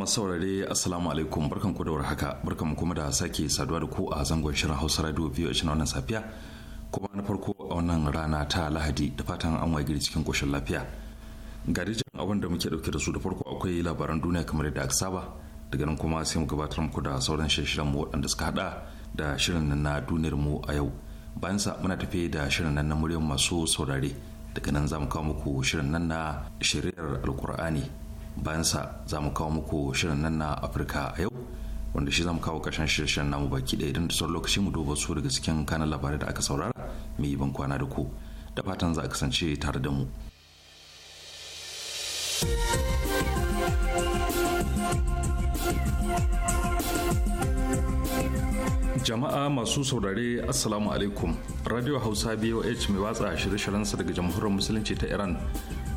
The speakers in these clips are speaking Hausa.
masu saurare assalamu alaikum barkan ku da warhaka barkan mu kuma da sake saduwa da ku a zangon shirin Hausa Radio biyu a wannan safiya kuma na farko a wannan rana ta Lahadi da fatan an waye gari cikin koshin lafiya ga dijin abin da muke dauke da su da farko akwai labaran duniya kamar yadda aka saba daga nan kuma sai mu gabatar muku da sauran shirin mu waɗanda suka hada da shirin nan na duniyar mu a yau bayan sa muna tafe da shirin nan na muryar masu saurare daga nan za mu kawo muku shirin nan na shiriyar alkur'ani bayansa za mu kawo muku shirin nan na afirka a yau wanda shi za mu kawo ƙarshen shirin namu baki ɗaya idan da sauran lokaci mu duba su daga cikin kanan labarai da aka saurara mai ban kwana da ku da fatan za a kasance tare da mu. jama'a masu saurare assalamu alaikum radio hausa boh mai watsa shirye-shiryensa daga jamhuriyar musulunci ta iran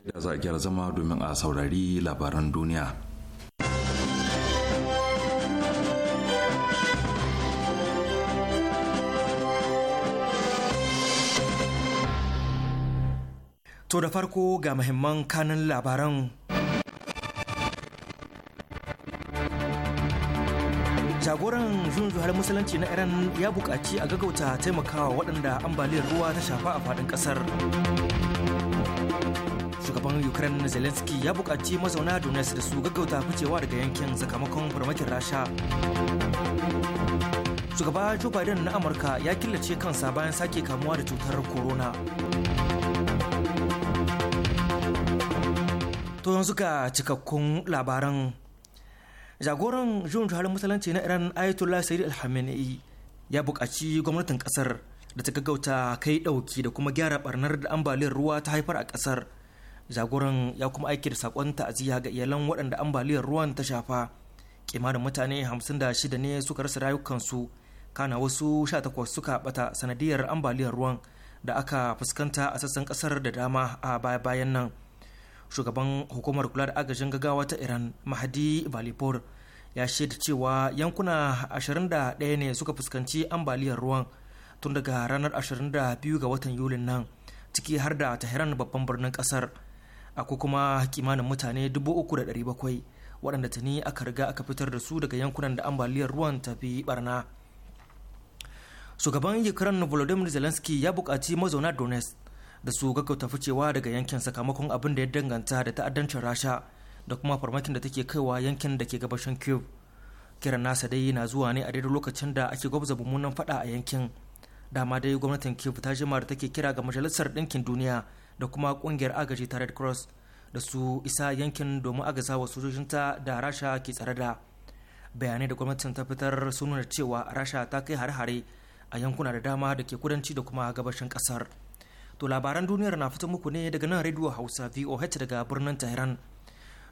lokaci za a zama domin a saurari labaran duniya. To da farko ga muhimman kanin labaran jagoran jun musulunci na iran ya buƙaci a gaggauta taimakawa waɗanda ambaliyar ruwa ta shafa a faɗin ƙasar shugaban ukraine zelensky ya bukaci mazauna donets da su gaggauta ficewa daga yankin sakamakon farmakin rasha shugaba joe biden na amurka ya killace kansa bayan sake kamuwa da cutar corona to yanzu ga cikakkun labaran jagoran jun halin musulunci na iran ayatollah sayyid alhamenei ya bukaci gwamnatin kasar da ta gaggauta kai ɗauki da kuma gyara barnar da ambaliyar ruwa ta haifar a kasar. jagoran ya kuma aiki da sakon ta'aziyya ga iyalan waɗanda ambaliyar ruwan ta shafa kimanin mutane 56 ne suka rasa rayukansu kana wasu 18 suka bata sanadiyar ambaliyar ruwan da aka fuskanta a sassan kasar da dama a baya bayan nan shugaban hukumar kula da agajin gaggawa ta iran mahadi valipur ya shaida cewa yankuna 21 ne suka fuskanci ambaliyar ruwan tun daga ranar 22 ga watan yulin nan ciki har da tehran babban birnin kasar akwai kuma kimanin mutane 3,700 waɗanda tuni aka riga aka fitar da su daga yankunan da ambaliyar ruwan tafi barna shugaban ukraine volodymyr zelensky ya buƙaci mazauna donetsk da su gaggauta ficewa daga yankin sakamakon abin da ya danganta da ta'addancin rasha da kuma farmakin da take kaiwa yankin da ke gabashin kyiv kiran nasa dai na zuwa ne a daidai lokacin da ake gwabza mummunan fada a yankin dama dai gwamnatin kyiv ta jima da take kira ga majalisar ɗinkin duniya da kuma kungiyar agaji ta red cross da su isa yankin domin agaza wa sojojinta da rasha ke tsare da bayanai da gwamnatin ta fitar sun nuna cewa rasha ta kai hare-hare a yankuna da dama da ke kudanci da kuma gabashin kasar to labaran duniyar na fito muku ne daga nan rediyo hausa voh daga birnin tehran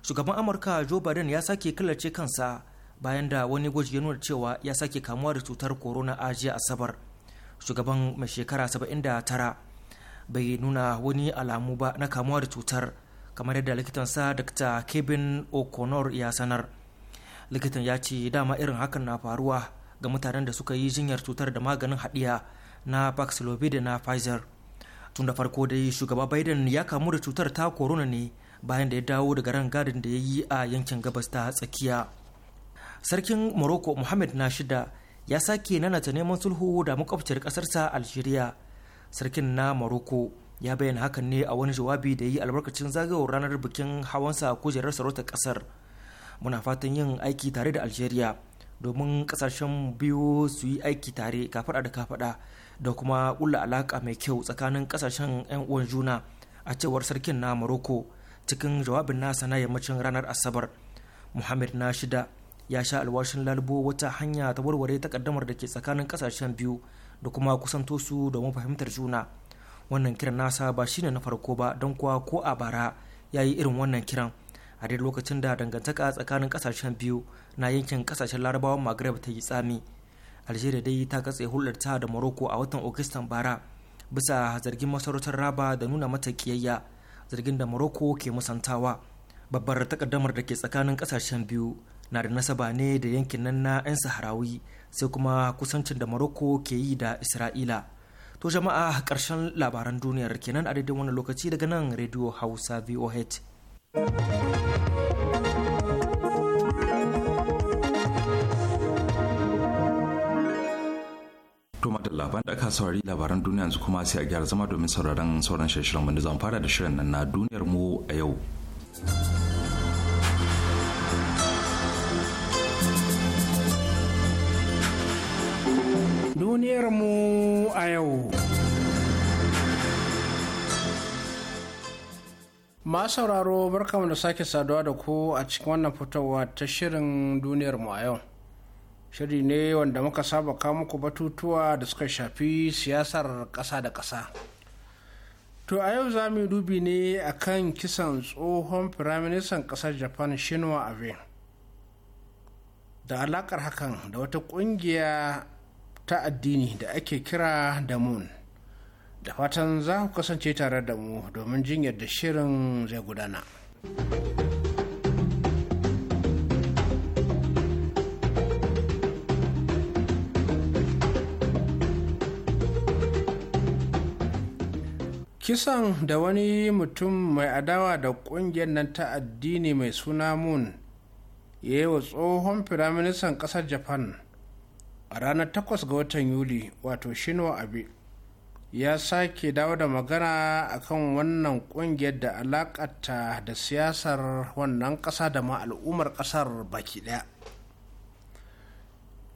shugaban amurka joe biden ya sake killace kansa bayan da wani gwaji ya nuna cewa ya sake kamuwa da cutar corona a jiya asabar shugaban mai shekara 79 bai nuna wani alamu ba na kamuwa da cutar kamar yadda likitansa dr kevin o'connor ya sanar likitan ya ce dama irin hakan na faruwa ga mutanen da suka yi jinyar cutar da maganin haɗiya na paxlovid na pfizer tun da farko dai shugaba biden ya kamu da cutar ta corona ne bayan da ya dawo daga ran gadin da ya yi a yankin gabas ta tsakiya sarkin morocco muhammad na shida ya sake nanata neman sulhu da makwabciyar ƙasarsa algeria sarkin na maroko ya bayyana hakan ne a wani jawabi da yi albarkacin zagayowar ranar bikin hawansa kujerar sarautar kasar muna fatan yin aiki tare da algeria domin kasashen biyu su yi aiki tare kafada da kafada da kuma kula alaka mai kyau tsakanin kasashen 'yan uwan juna a cewar sarkin na maroko cikin jawabin nasa na yammacin ranar asabar muhammad na shida ya sha alwashin lalubo wata hanya ta warware takaddamar da ke tsakanin kasashen biyu da kuma kusanto su domin fahimtar juna wannan kiran nasa ba shine na farko ba don kuwa ko a bara ya yi irin wannan kiran a daidai lokacin da dangantaka tsakanin kasashen biyu na yankin kasashen larabawan maghreb ta yi tsami algeria dai ta katse ta da morocco a watan augustan bara bisa zargin masarautar raba da nuna mata kiyayya zargin da morocco ke musantawa babbar takaddamar da ke tsakanin kasashen biyu na da nasaba ne da yankin nan na 'yan saharawi sai kuma kusancin da Morocco ke yi da Isra'ila. To jama'a karshen labaran duniyar kenan a daidai wannan lokaci daga nan Radio Hausa VOH. Tuma da labaran da aka saurari labaran duniya yanzu kuma sai a gyara zama domin sauraron sauran shirin wanda zan fara da shirin nan na duniyar mu a yau. duniyarmu a yau. Ma sauraro barkamu da sake saduwa da ku a cikin wannan fitowa ta shirin duniyarmu a yau. Shiri ne wanda muka saba kawo muku batutuwa da suka shafi siyasar ƙasa da ƙasa. To a yau za mu dubi ne a kan kisan tsohon firaministan ƙasar Japan Shinwa Abe. da alaƙar hakan da wata kungiya ta addini da ake kira da moon da fatan za ku kasance tare da mu domin jin yadda shirin zai gudana. kisan da wani mutum mai adawa da kungiyar nan ta addini mai suna moon ya yi wa tsohon firaministan ƙasar japan a ranar 8 ga watan yuli wato shinwa abe ya sake dawo da magana a kan wannan kungiyar da alakata da siyasar wannan kasa da ma al'ummar kasar baki daya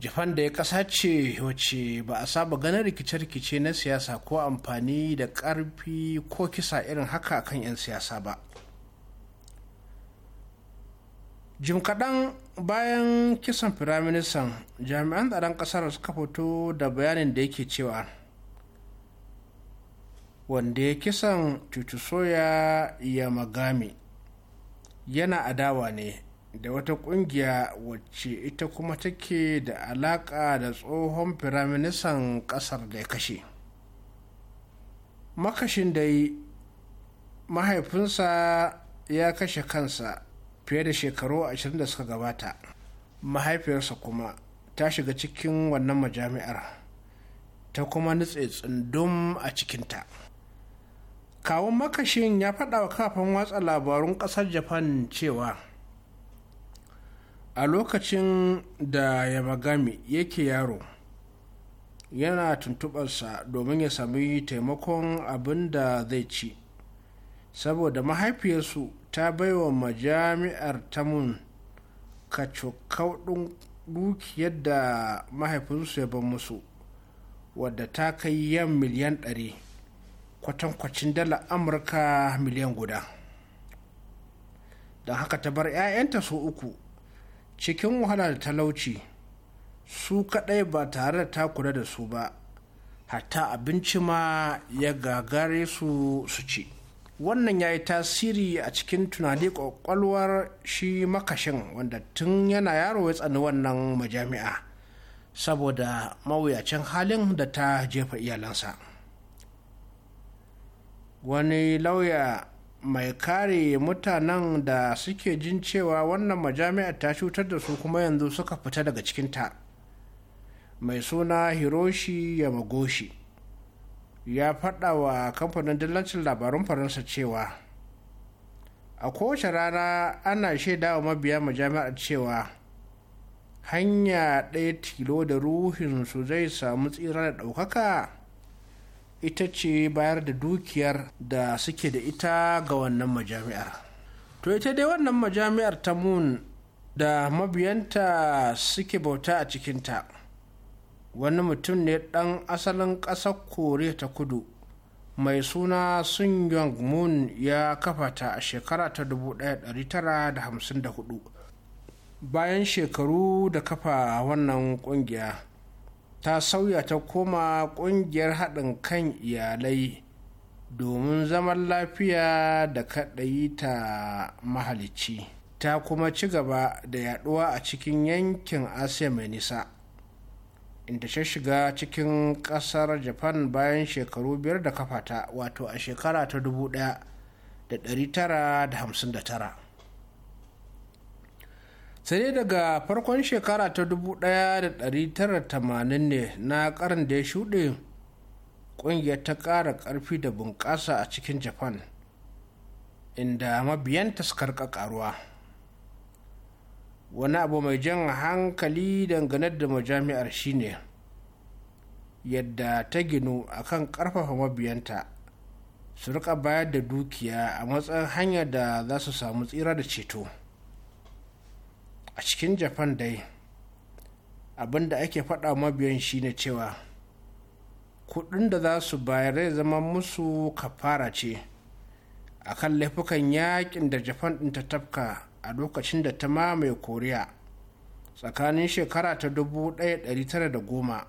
japan da ya kasa ce wace ba a saba ganin rikice-rikice na siyasa ko amfani da karfi ko kisa irin haka akan 'yan siyasa ba jim kaɗan bayan kisan firaministan jami'an tsaron ƙasar suka fito da bayanin da yake cewa wanda ya kisan tutusoya ya magami yana adawa ne da wata ƙungiya wacce ita kuma take da alaƙa da tsohon firaministan ƙasar da ya kashe makashin da yi mahaifinsa ya kashe kansa fiye da shekaru 20 da suka gabata mahaifiyarsa kuma ta shiga cikin wannan majami'ar ta kuma nutse tsundum a cikinta kawun makashin ya faɗa wa kafin watsa labarun ƙasar japan cewa a lokacin da yamagami yake yaro yana tuntubarsa domin ya sami taimakon abin da zai ci saboda mahaifiyarsu ta baiwa majami'ar tamun kacokauɗin duki yadda mahaifinsu ya ban musu wadda ta kai yan miliyan ɗari kwatankwacin dala amurka miliyan guda don haka ta bar 'ya'yanta su uku cikin wahala da talauci su kadai ba tare da ta kula da su ba hatta abinci ma ya gagare su su ci wannan ya yi tasiri a cikin tunani kwakwalwar shi makashin wanda tun yana yaro ya tsani wannan majami'a saboda mawuyacin halin da ta jefa iyalansa wani lauya mai kare mutanen da suke jin cewa wannan majami'a ta cutar da su kuma yanzu suka fita daga cikinta mai suna hiroshi ya yamagoshi ya faɗa wa kamfanin dillancin labarun faransa cewa a kowace rana ana shaida wa mabiya majami'ar cewa hanya ɗaya tilo da ruhinsu zai samu tsira da ɗaukaka ita ce bayar da dukiyar da suke da ita ga wannan majami'ar to ita dai wannan majami'ar ta mun da mabiyanta suke bauta a cikinta wani mutum ne ɗan asalin ƙasar kore ta kudu mai suna sun yong moon ya kafa ta a shekara ta 1954 bayan shekaru da kafa wannan ƙungiya ta sauya ta koma ƙungiyar haɗin kan iyalai domin zaman lafiya da kaɗayi ta mahalicci ta kuma ci gaba da yaɗuwa a cikin yankin asiya mai nisa inda ta shiga cikin kasar japan bayan shekaru biyar da kafata wato a shekara ta 1959 sai daga farkon shekara ta 1980 ne na karin da ya shuɗe ƙungiyar ta ƙara ƙarfi da bunƙasa a cikin japan inda mabiyanta suka ƙaruwa. wani abu mai jan hankali dangane da majami'ar shine yadda ta ginu kan karfafa mabiyanta su rika bayar da dukiya a matsayin hanya da za su samu tsira da ceto a cikin japan dai abin da ake faɗa mabiyan shine cewa kuɗin da za su bayar zai zama musu kafara ce akan laifukan yakin da japan ɗin ta tafka a lokacin da ta mamaye koriya tsakanin shekara ta 1910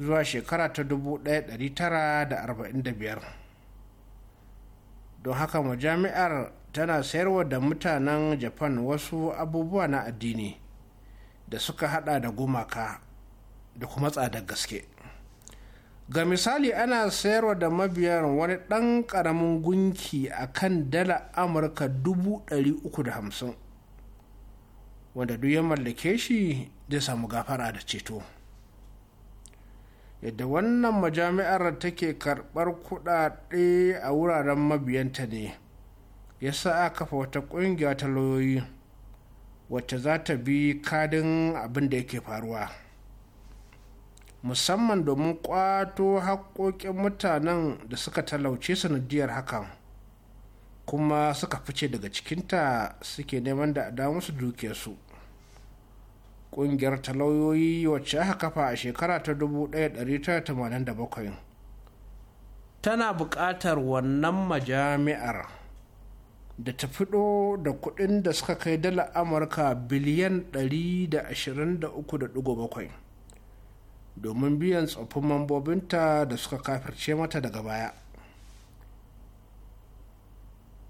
zuwa shekara ta 1945 don haka majami'ar tana sayarwa da mutanen japan wasu abubuwa na addini da suka hada da gumaka da kuma tsadar gaske ga misali ana sayarwa da mabiyan wani ɗan ƙaramin gunki a kan dala amurka 350 wanda duk ya mallake shi zai samu gafara da ceto yadda wannan majami'ar take karɓar kuɗaɗe a wuraren mabiyanta ne ya sa a kafa wata ƙungiya ta lauyoyi wacce za ta bi kadin abin da yake faruwa musamman domin kwato haƙoƙin mutanen da suka talauce sanadiyar hakan kuma suka fice daga cikinta suke neman da a musu su ƙungiyar talauyoyi wacce aka kafa a shekara ta 1987 tana buƙatar wannan majami'ar da ta fido da kuɗin da suka kai dala amurka biliyan 123.7 domin biyan tsoffin mambobinta da suka kafirce mata daga baya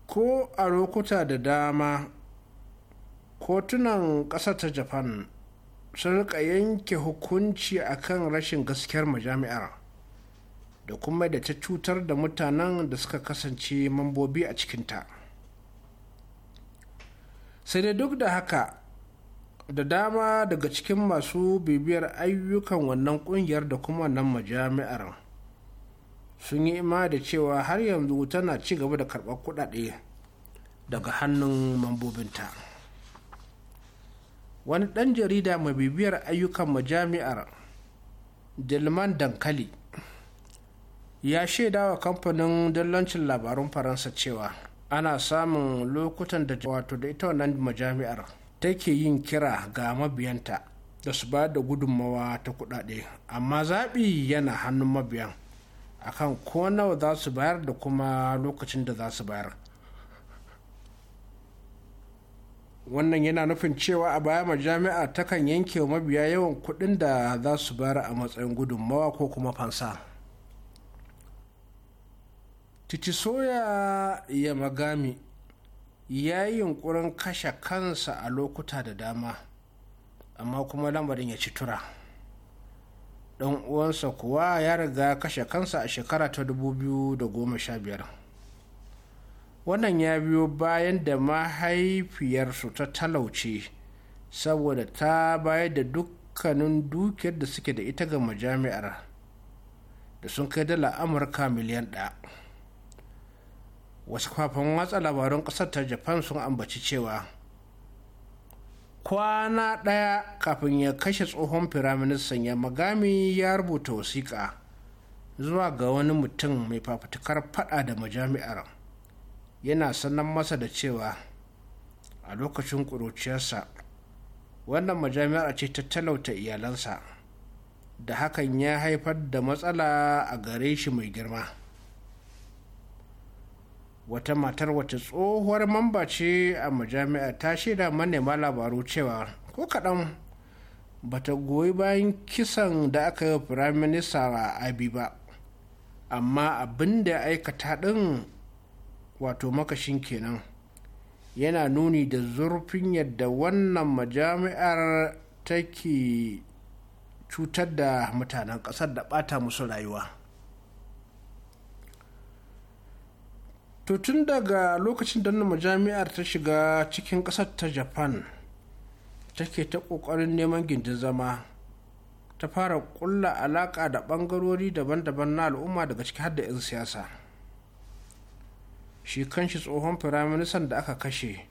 ko a lokuta da dama kotunan ƙasa ta japan sun rika yanke hukunci akan rashin gaskiyar majami'ar da kuma da ta cutar da mutanen da suka kasance mambobi a cikinta sai dai duk da haka da dama daga cikin masu bibiyar ayyukan wannan kungiyar da kuma wannan majami'ar sun yi ima da cewa har yanzu tana ci gaba da karɓar kuɗaɗe daga hannun mambobinta wani ɗan jarida mai bibiyar ayyukan majami'ar delman dankali ya shaida wa kamfanin dallancin labarun faransa cewa ana samun lokutan da wato da ita wannan majami'ar take yin kira ga mabiyanta da su ba da gudunmawa ta kudade amma zaɓi yana hannun mabiyan akan ko nawa za su bayar da kuma lokacin da za su bayar wannan yana nufin cewa a baya majami'a kan yanke wa mabiya yawan kuɗin da za su bayar a matsayin gudunmawa ko kuma fansa titi soya ya magami ya yi yunkurin kashe kansa a lokuta da dama amma kuma lamarin ya ci tura ɗan uwansa kuwa ya riga kashe kansa a shekara ta 2015 wannan ya biyo bayan da mahaifiyarsu ta talauce saboda ta bayar da dukkanin dukiyar da suke da ita ga majami'ar da sun kai dala amurka miliyan ɗaya wasu kafin watsa labarun ƙasar ta japan sun ambaci cewa kwana ɗaya kafin ya kashe tsohon firaministan ya magami ya rubuta wasiƙa zuwa ga wani mutum mai fafutukar fada da majami'ar yana sanan masa da cewa a lokacin ƙuruciyarsa wannan majami'ar ce ta talauta iyalansa da hakan ya haifar da matsala a gare shi mai girma. wata matar wata tsohuwar mamba ce a majami'a ta shaida manema labaru cewa ko kaɗan bata goyi bayan kisan da aka yi firaminista a abi ba amma abin da aikata ɗin wato makashin kenan yana nuni da zurfin yadda wannan majami'ar take cutar da mutanen ƙasar da ɓata musu rayuwa to tun daga lokacin da majami'ar ta shiga cikin ƙasar ta japan take ta ƙoƙarin neman gindin zama ta fara ƙulla alaƙa da ɓangarori daban-daban na al'umma daga ciki har da 'yan siyasa shi kanshi tsohon firaministan da aka kashe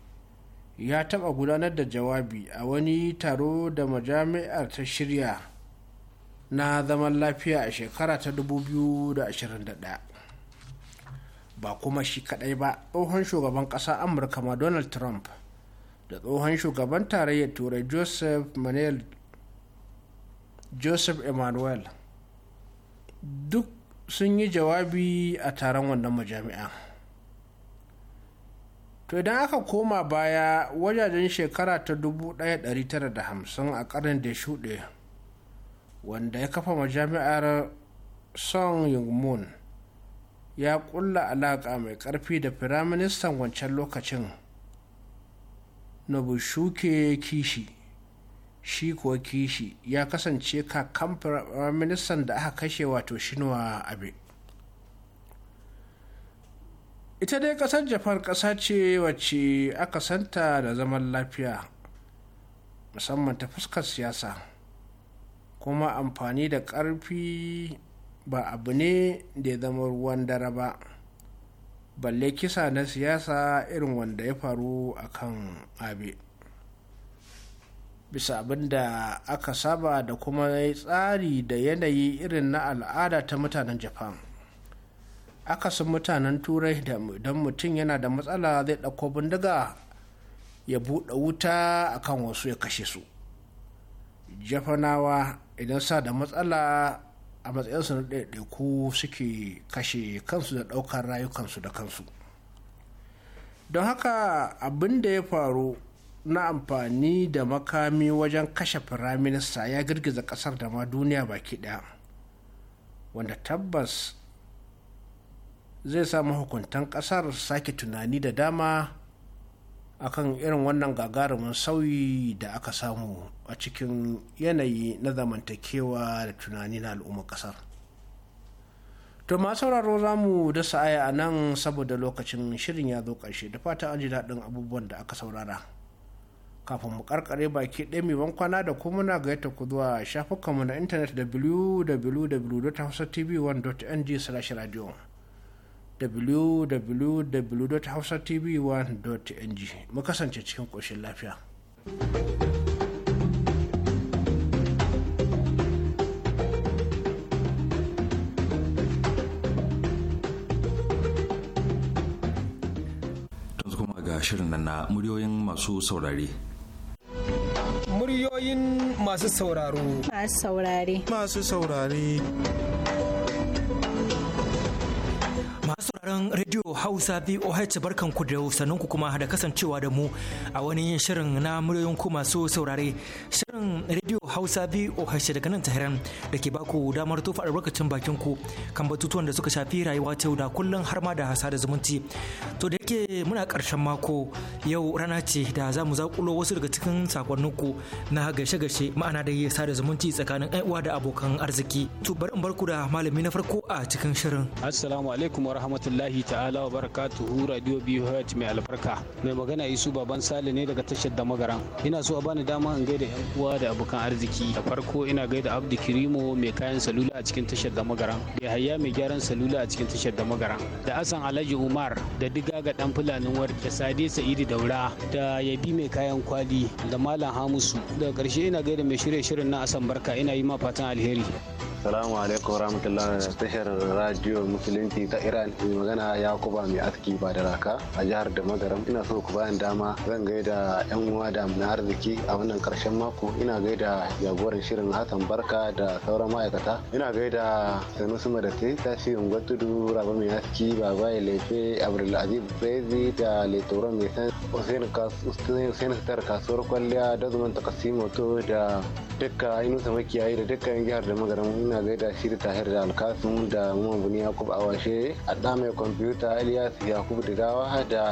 ya taɓa gudanar da jawabi a wani taro da majami'ar ta shirya na zaman lafiya a shekara ta 2021 ba kuma shi kadai ba tsohon shugaban ƙasa amurka ma donald trump da tsohon shugaban tarayyar turai joseph manuel joseph emmanuel duk sun yi jawabi a taron wannan majami'a to idan aka koma baya wajajen shekara ta 1950 a karin da shuɗe wanda ya kafa majami'ar song yung moon ya kulla alaƙa mai ƙarfi da firaministan wancan lokacin nobushuke kishi shi ko kishi ya kasance kakan firaministan da aka kashe wato shinuwa abe ita dai ƙasar japan ƙasa ce wacce aka santa da zaman lafiya musamman ta fuskar siyasa kuma amfani da ƙarfi ba abu ne da ya zama ruwan dare ba balle kisa na siyasa irin wanda ya faru a kan abe bisa abin da aka saba da kuma tsari da yanayi irin na al'ada ta mutanen japan akasin mutanen turai don mutum yana da matsala zai ɗauko bindiga ya buɗe wuta akan wasu ya kashe su jafanawa idan sa da matsala a matsayinsu na ɗaiɗaiku suke kashe kansu da ɗaukar rayukansu da kansu don haka abin da ya faru na amfani da makami wajen kashe firaminista ya girgiza ƙasar da ma duniya baki ɗaya wanda tabbas zai sa mahukuntan ƙasar sake tunani da dama akan irin wannan gagarumin sauyi da aka samu a cikin yanayi na zamantakewa da tunani na al'ummar kasar to ma sauraro za mu da sa'aya a nan saboda lokacin shirin ya zo ƙarshe da fata an ji daɗin abubuwan da aka saurara kafin mu karkare baki ɗaya mai bankwana da kuma muna gayyata ku zuwa shafukanmu na intanet www.hausatv1.ng/radio www.hausatv1.ng mu kasance cikin ƙoshin lafiya. kuma ga shirin na muryoyin masu saurare. Muryoyin masu sauraro. Masu saurare. Masu saurare. sauraron Radio Hausa VOH ku da ku kuma da kasancewa da mu a wani shirin na muryoyin ku masu saurare. Shirin Radio Hausa VOH daga nan Tahiran da ke baku damar tofa albarkacin bakin ku kan batutuwan da suka shafi rayuwa ta da kullum har ma da hasa da zumunci. To da yake muna karshen mako yau rana ce da za mu zakulo wasu daga cikin sakonninku na gashe-gashe ma'ana da yi sada zumunci tsakanin uwa da abokan arziki. To bari in barku da malami na farko a cikin shirin. Assalamu alaikum wa rahmatullahi ta'ala wa barakatuhu radio BOH mai albarka. Mai magana Isu Baban Sale ne daga tashar da magaran. Ina so a bani dama in gaida yan uwa da abokan arziki. Da farko ina gaida Abdu Kirimo mai kayan salula a cikin tashar da magaran. Da Hayya mai gyaran salula a cikin tashar da magaran. Da Asan Alhaji Umar da diga ga. dan fulanin warda da sa'idi daura da yabi mai kayan kwali da malam hamusu daga karshe ina gaida mai shirye shirin na asan barka ina yi ma fatan alheri salamu alaikum rahmatullah da tashar radio musulunci ta Iran mai magana Yakuba mai aski ba da raka a jihar da magaram ina so ku bayan dama zan gaida yan uwa da na arziki a wannan karshen mako ina gaida jagoran shirin Hassan Barka da sauran ma'aikata ina gaida ta Madate tashi Ungwatudu Raba mai aski Baba Lefe Abdulaziz zaizi da letoro mai san hussein sitar kasuwar kwalliya da zuman takasimoto da dukkan ainihin makiyayi da dukkan jihar da magaram ina gaida shi da tahir da alkasun da muhammadu yakub awashe adda mai kwamfuta alias yakub digawa da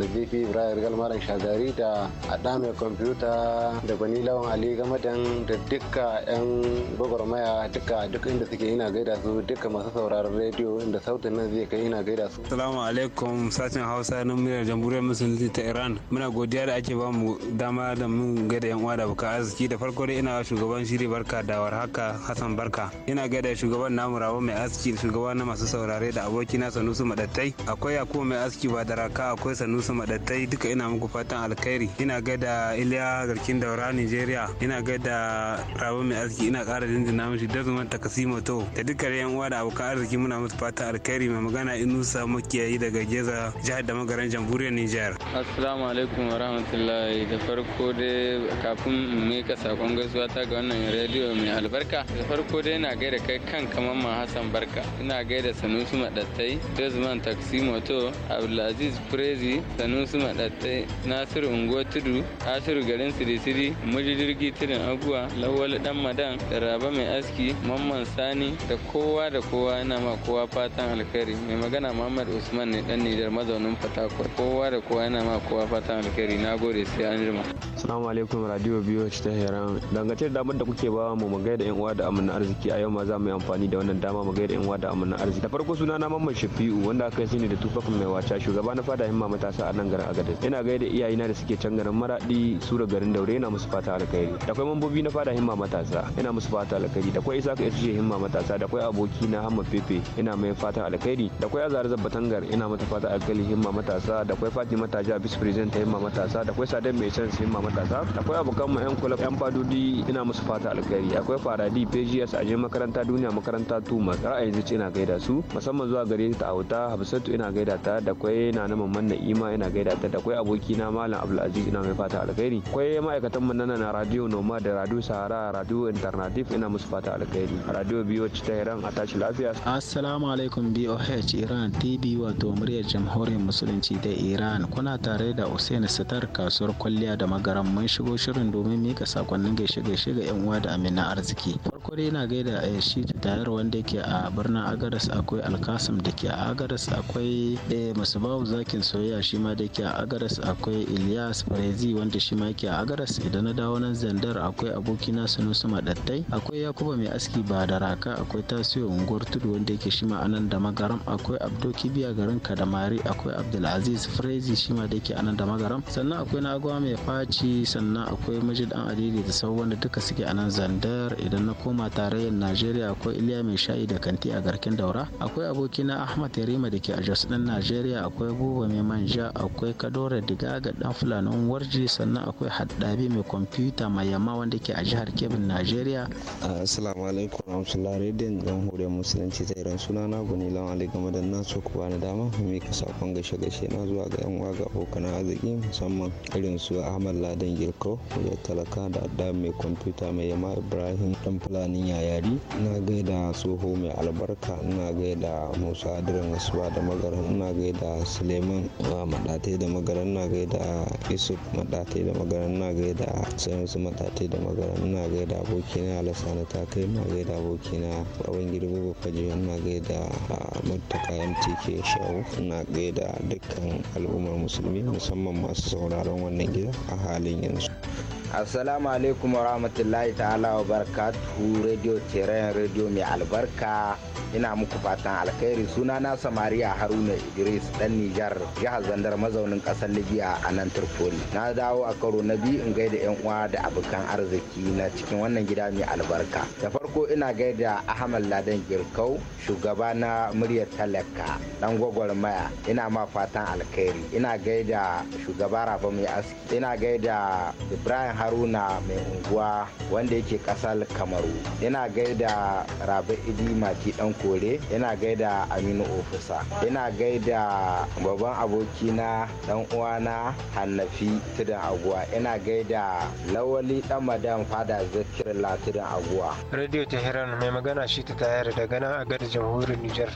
nazifi ibrahim rigal maran shagari da adda mai kwamfuta da gwani lawan ali gamadan da dukka yan gwagwarmaya duka duk inda suke ina gaida su duka masu sauraron rediyo inda sautin nan zai kai ina gaida su. salamu alaikum sashen hausa na muryar jamhuriyar musulunci ta iran muna godiya da ake bamu dama da mun gaida yan uwa da buka arziki da farko dai ina shugaban shiri barka da warhaka hassan barka ina gaida shugaban namu rawo mai aski shugaba na masu saurare da abokina sanusu madattai akwai yakubu mai aski ba da raka akwai sanusu madattai duka ina muku fatan alkhairi ina gaida iliya garkin daura nigeria ina gaida rawo mai aski ina kara jinjina mishi da zuman takasimo to da dukkan yan uwa da abokan arziki muna musu fatan alkhairi mai magana inusa makiyayi daga geza jihar da magaran jamhuriyar Nijar. Assalamu alaikum wa rahmatullahi da farko dai kafin in mika sakon gaisuwa ta ga wannan rediyo mai albarka da farko dai na gaida kai kan kaman ma Hassan Barka ina gaida Sanusi Madattai Desmond Taxi Moto Abdulaziz Prezi Sanusi Madattai Nasir Ungo Tudu Ashiru garin Sirisiri Mujidirgi Tirin Aguwa Lawal Dan Madan da Raba Mai Aski Mamman Sani da kowa da kowa ina ma kowa fatan alkhairi mai magana Muhammad Usman ne dan Nijar mazaunin ko kowa da kowa yana ma kowa fata alkhairi na gode sai an jima assalamu alaikum radio biyu ta heran da damar da kuke ba mu mu gaida yan uwa da amana arziki a yau ma za mu yi amfani da wannan dama mu gaida yan uwa da amana arziki da farko suna na mamman shafi'u wanda aka yi da tufafin mai wacha shugaba na fada himma matasa a nan garin agadez ina gaida iyayena da suke can garin maradi sura garin daure ina musu fata alkhairi da kwai mambobi na fada himma matasa ina musu fata alkhairi da kwai isa ka yi himma matasa da kwai aboki na hamma pepe ina mai fata alkhairi da kwai azar zabbatan tangar ina mata fata alkhairi himma himma matasa da kwai fati mataja vice president ta himma matasa da kwai sadan mai su himma matasa da kwai abokan mu yan club yan fadodi ina musu fata alkhairi akwai faradi pgs aje makaranta duniya makaranta tuma ra'ayin zuci ina gaida su musamman zuwa gare ta auta habsatu ina gaida ta da kwai na na mamman na'ima ina gaida ta da kwai aboki na malam abdulaziz ina mai fata alkhairi kwai ma'aikatan mu nana na radio noma da radio sahara radio alternative ina musu fata alkhairi radio biyo ta iran a tashi lafiya assalamu alaikum boh iran tv wato muryar jamhuriyar musulunci da iran kuna tare da hussein sitar kasuwar kwalliya da magaran mun shigo shirin domin mika sakonnin gaishe gaishe ga yan uwa da amina arziki farko dai na gaida a shi tayar wanda yake a birnin agaras akwai alkasim da ke a agadas akwai eh, musubawu zakin soyayya shi ma da ke a agadas akwai ilyas farezi wanda shi ma yake a idan na dawo nan zandar akwai abokina sunusu madattai akwai yakuba mai aski ba da raka akwai tasiyo unguwar tudu wanda yake shi ma anan da magaram akwai abdo kibiya garin kadamari akwai abdulaziz frezi shi ma da yake anan da magaram sannan akwai na agwa mai faci sannan akwai majid dan adili da sau wanda duka suke anan zandar idan na koma tarayyar najeriya akwai iliya mai sha'i da kanti a garkin daura akwai abokina ahmad yarima da ke a jos din najeriya akwai buba mai manja akwai kadore digaga dan fulanin warji sannan akwai haddabi mai kwamfuta mai yamma wanda ke a jihar kebin najeriya ah, assalamu alaikum rahmatullah rediyon jamhuriyar musulunci ta iran suna na ali game da nan so kuwa na dama mai ka sakon gashi gaishe-gaishe na zuwa ga yan waga ga abokan arziki musamman irin su ahmad ladan girko da talaka da adda mai kwamfuta mai yama ibrahim dan fulani yayari ina gaida tsoho mai albarka ina gaida musa adiran asuba da magaran ina gaida suleiman madatai da magaran ina gaida yusuf madatai da magaran ina gaida sayansu madatai da magaran ina gaida abokina alasana ta kai ina gaida abokina baban girbi fajiyar ina gaida mutaka mtk shawu ina gaida dukkan al'ummar musulmi musamman masu sauraron wannan gida a halin yanzu assalamu alaikum wa rahmatullahi ta'ala wa barakatuhu radio terrain radio mai albarka ina muku fatan alkhairi suna na samariya haruna idris dan nijar jihar zandar mazaunin kasar libya a nan tripoli na dawo a karo na biyu in gaida yan uwa da abokan arziki na cikin wannan gida mai albarka da farko ina gaida ahmad ladan girkau shugaba na muryar talaka dan gwagwarmaya ina ma fatan alkhairi ina gaida shugaba rafa mai aski ina gaida ibrahim haruna mai unguwa wanda yake kasar kamaru yana gaida rabe idi mati dan kore yana gaida aminu ofisa yana gaida babban abokina dan uwana hannafi tudun aguwa yana gaida lawali dan madam fada zakir latudun aguwa radio tehran mai magana shi ta tayar daga nan a gadar jamhuriyar niger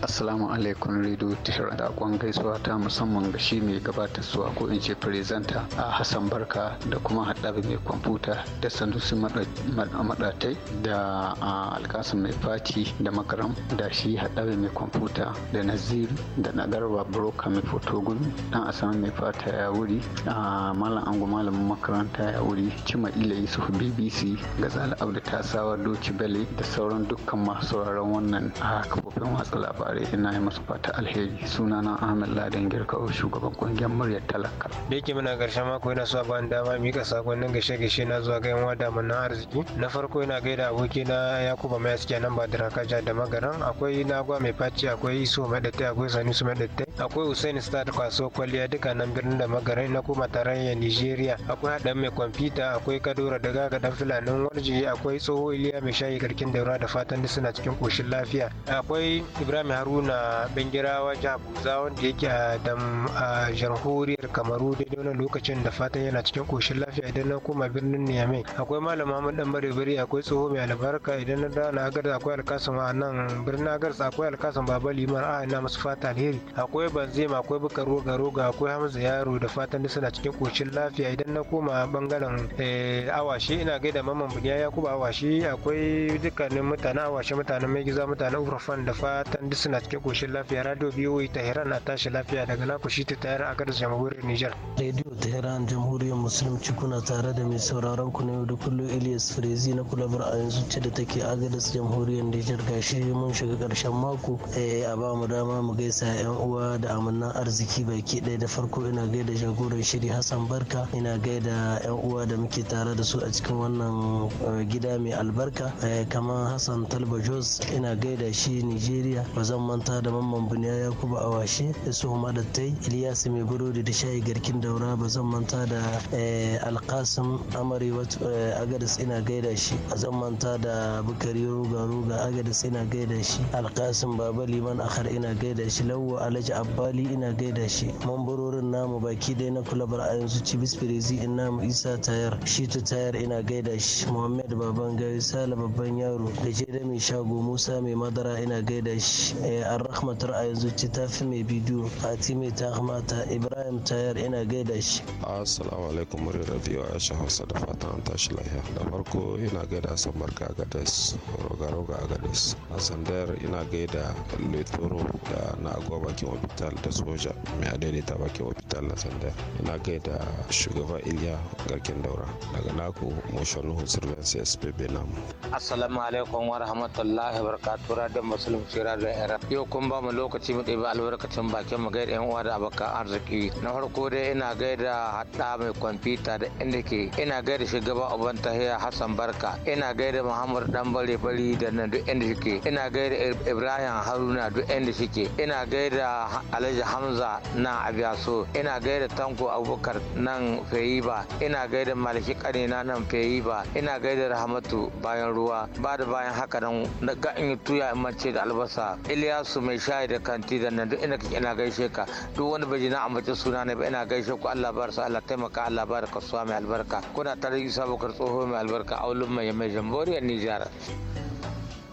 Assalamu alaikum Radio Tehran da kwan gaisuwa ta musamman ga shi mai gabatar suwa ko in ce presenter a Hassan Barka da kuma haɗabi mai kwamfuta da Sanusi Madatai da Alkasa mai Fati da makaram da shi haɗabi mai kwamfuta da Nazir da Nagarwa Broka mai fotogun dan Asama mai fata ya wuri a Malam angu malamin makaranta ya wuri Cima Ila Yusuf BBC ga Zala Abdu Tasawa Doci Bele da sauran dukkan masu sauraron wannan a kafofin watsa labarai. saurare ina yi masu fata alheri sunana Ahmed Laden girka shugaban kungiyar muryar talaka. Da yake muna karshen mako yana so a bani dama mika sakonnin gashe gashe na zuwa gayan yan wada na arziki. Na farko yana gaida aboki na Yakuba mai aske nan ba Kaja da Magaran akwai Nagwa mai faci akwai Iso Madatai akwai Sanusi Madatai akwai usain Star kwaso kwalliya duka nan birnin da Magaran na kuma tarayyar Nigeria akwai haɗarin mai kwamfuta akwai Kadura daga ga dan Fulanin Warji akwai Tsoho Iliya mai shayi karkin daura da fatan suna cikin koshin lafiya akwai Ibrahim haruna bingirawa jabuza wanda yake a dam a jamhuriyar kamaru daidai wannan lokacin da fatan yana cikin koshin lafiya idan na koma birnin niamey akwai malam muhammad dan bare akwai tsoho mai albarka idan na dawo na agarza akwai alkasun a nan birnin agarza akwai alkasun baba liman a ina musu fata alheri akwai banzema akwai bukar roga roga akwai hamza yaro da fatan suna cikin koshin lafiya idan na koma bangaren eh, awashe ina gaida mamman buniya yakuba awashe akwai dukkanin mutanen awashe mutanen mai giza mutanen urfan da fatan duk suna cike koshin lafiya radio biyoyi tahiran na tashi lafiya daga na ta tayar a gadar jamhuriyar nijar radio tahiran jamhuriyar musulunci kuna tare da mai sauraron ku na yau da kullum ilyas frezi na kulabar a yanzu ce da take agadas jamhuriyar nijar gashi mun shiga karshen mako eh, a ba mu dama mu gaisa yan uwa da amannan arziki baki ɗaya da farko ina gaida jagoran shiri hassan barka ina gaida yan uwa da muke tare da su a cikin wannan eh, gida mai albarka eh, kamar hassan talba jos ina gaida shi nigeria ba zan manta da mamman buniya yakubu awashe da su da tai iliyasu mai burodi da shayi garkin daura ba zan manta da eh, alkasim amari eh, agadis ina gaida shi a zan manta da bukari ruga ruga agadis ina gaida shi alkasim baba liman akhar ina gaida shi lawa alhaji abbali ina gaida shi mambarorin namu baki dai na kulabar a yanzu cibis firezi in namu isa tayar shitu tayar ina gaida shi muhammad baban gari sala babban yaro da da mai shago musa mai madara ina gaida shi an rahmatar a yanzu ci ta fi mai bidiyo A fatime ta kamata ibrahim tayar ina gaida shi assalamu alaikum murin rabiwa ya shi hausa da fata an tashi lahiya da farko ina gaida san barka a gadas roga-roga a gadas a dayar ina gaida letoro da na agwa bakin hospital da soja mai adaidaita bakin hospital na sanda ina gaida shugaba iliya garken daura daga naku motion nuhu sirvensi spb namu assalamu alaikum wa rahmatullahi barakatura radon musulun shirar da yau kun ba mu lokaci mu ɗebi albarkacin bakin mu gaida yan uwa da abokan arziki na farko dai ina gaida haɗa mai kwamfuta da inda ke ina gaida shugaba uban tahiya hassan barka ina gaida muhammad dan bare bari da nan duk inda shike ina gaida ibrahim haruna duk inda shike ina gaida alhaji hamza na abiyaso ina gaida tanko abubakar nan ba. ina gaida maliki na nan ba. ina gaida rahmatu bayan ruwa ba da bayan haka nan ga in tuya in mace da albasa Iliyasu mai shayi da kanti da nan duk ina ina gaishe ka duk wani bai na ambaci suna ne ba ina gaishe ku Allah bar sa Allah taimaka Allah bar ka suwa albarka kuna tare Isa kar tsoho mai albarka aulun mai mai jamboriyar Nijar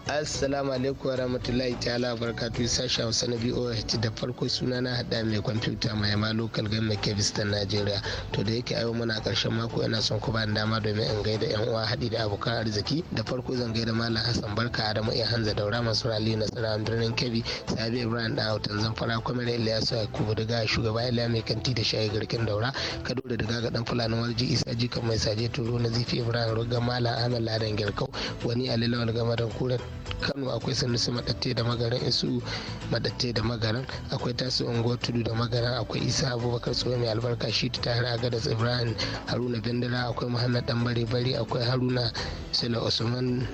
assalamu alaikum warahmatullahi ta'ala barakatu sashen hausa na boh da farko suna na hada mai kwamfuta mai ma local government kevistan nigeria to da yake ayo muna karshen mako yana son kuma bani dama domin in gaida yan uwa hadi da abokan arziki da farko zan gaida malam hassan barka adamu iya hanza daura masu rali na tsirawan birnin kebbi sabi ibrahim da hautan zamfara kwamar ilyasu kubu daga shugaba ila mai kanti da shayi garkin daura kado da daga ga dan fulani warji isa jika mai saje turo na zifi ibrahim ruga malam ahmed ladan girkau wani alilawar da kuren kano akwai sanusi madatte da magaran isu madatte da magaran akwai tasu ungo tudu da magaran akwai isa abubakar tsoho mai albarka shi ta tare da ibrahim haruna bendera akwai muhammad dan bari bari akwai haruna sila usman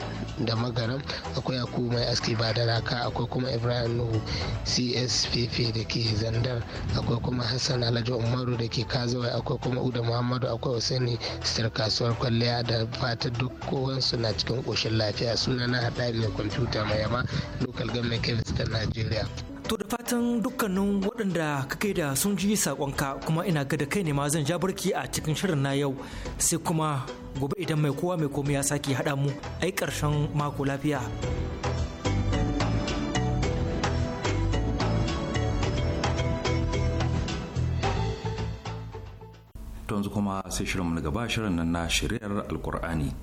da magaran akwai aku mai aski ba da raka akwai kuma ibrahim nuhu cspp da ke zandar akwai kuma hassan alhaji umaru da ke kazawai akwai kuma uda muhammadu akwai usaini sitar kasuwar kwalliya da fata duk kowansu na cikin koshin lafiya suna na haɗari mai kwamfuta mai yama local government kebis ta nigeria to da fatan dukkanin waɗanda ka kai da sun ji sakonka kuma ina ga da kai ne ma zan ja barki a cikin shirin na yau sai kuma gobe idan mai kowa mai komai ya sake haɗa mu ai ƙarshen mako lafiya yanzu kuma sai shirin na gaba shirin nan na shari'ar alkur'ani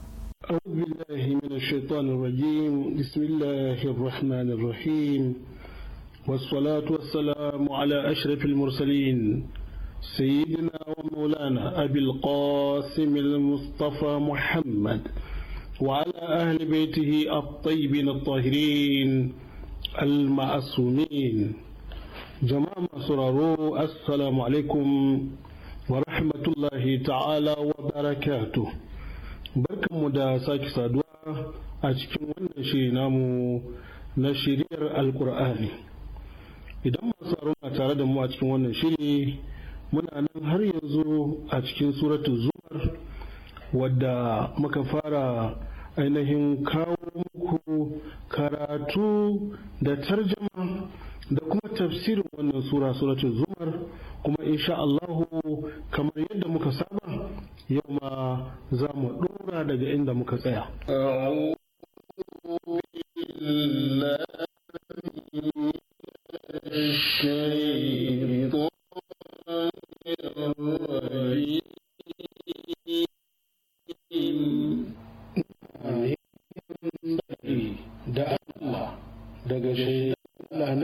أعوذ بالله من الشيطان الرجيم بسم الله الرحمن الرحيم والصلاة والسلام على أشرف المرسلين سيدنا ومولانا أبي القاسم المصطفى محمد وعلى أهل بيته الطيبين الطاهرين المعصومين جماعة سرارو السلام عليكم ورحمة الله تعالى وبركاته barkanmu da sake saduwa a cikin wannan shiri namu na shiriyar alkur'ani idan masu sauraro na tare da mu a cikin wannan shiri muna nan har yanzu a cikin suratu zumar wadda muka fara ainihin kawo muku karatu da tarjama da kuma tafsirin wannan sura suratul zumar kuma insha Allahu kamar yadda muka saba yau ma za mu dora daga inda muka tsaya da Allah daga shi Allah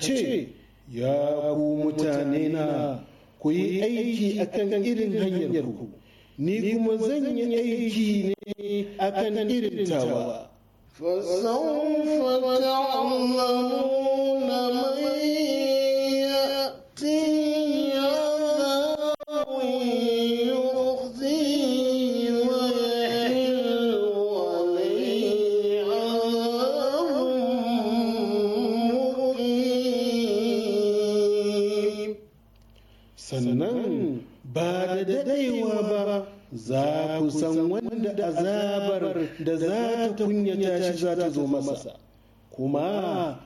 ce ya ku mutane na ku yi aiki kan irin hanyar ku ni kuma zan yi aiki ne kan irin tawa فسوف تعلمون من يأتيه azabar da za ta kunyata shi za ta zo masa kuma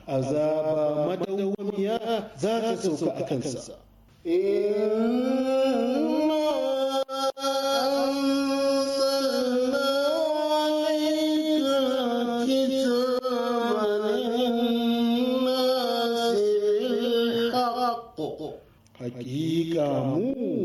azaba madawwamiya za ta sauka a kansa Hakika mu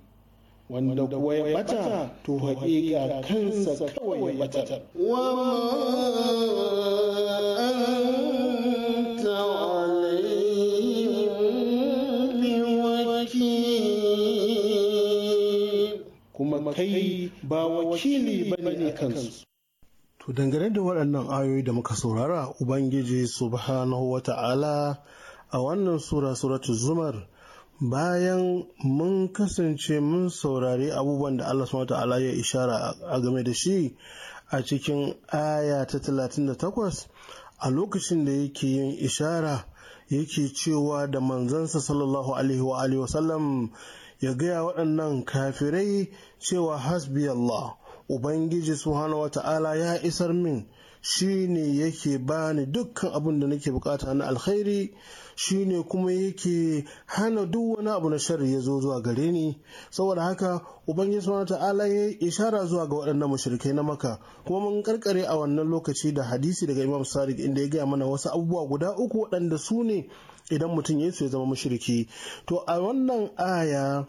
wanda kuwa ya bata to haƙiƙa kansa kawai ya bata kuma kai ba wakili bane kansu To dangane da waɗannan ayoyi da muka saurara Ubangiji subhanahu wa ta'ala a wannan sura suratul zumar bayan mun kasance mun saurari abubuwan da Allah subhanahu ya ishara a game da shi a cikin aya ta 38 a lokacin da yake yin ishara yake cewa da manzansa sallallahu alaihi wa alihi wasallam ya gaya waɗannan kafirai cewa hasbi Allah ubangiji subhanahu wa ta'ala ya isar min Shi ne yake bani dukkan abin da nake bukata na alkhairi shi ne kuma yake hana duk wani abu na sharri ya zo zuwa gare ni saboda haka ubangiji subhanahu ta'ala ya ishara zuwa ga waɗannan mushrikai na maka kuma mun karkare a wannan lokaci da hadisi daga imam sadiq inda ya gaya mana wasu abubuwa guda uku waɗanda su ne idan mutum ya yesu ya zama mushriki to a wannan aya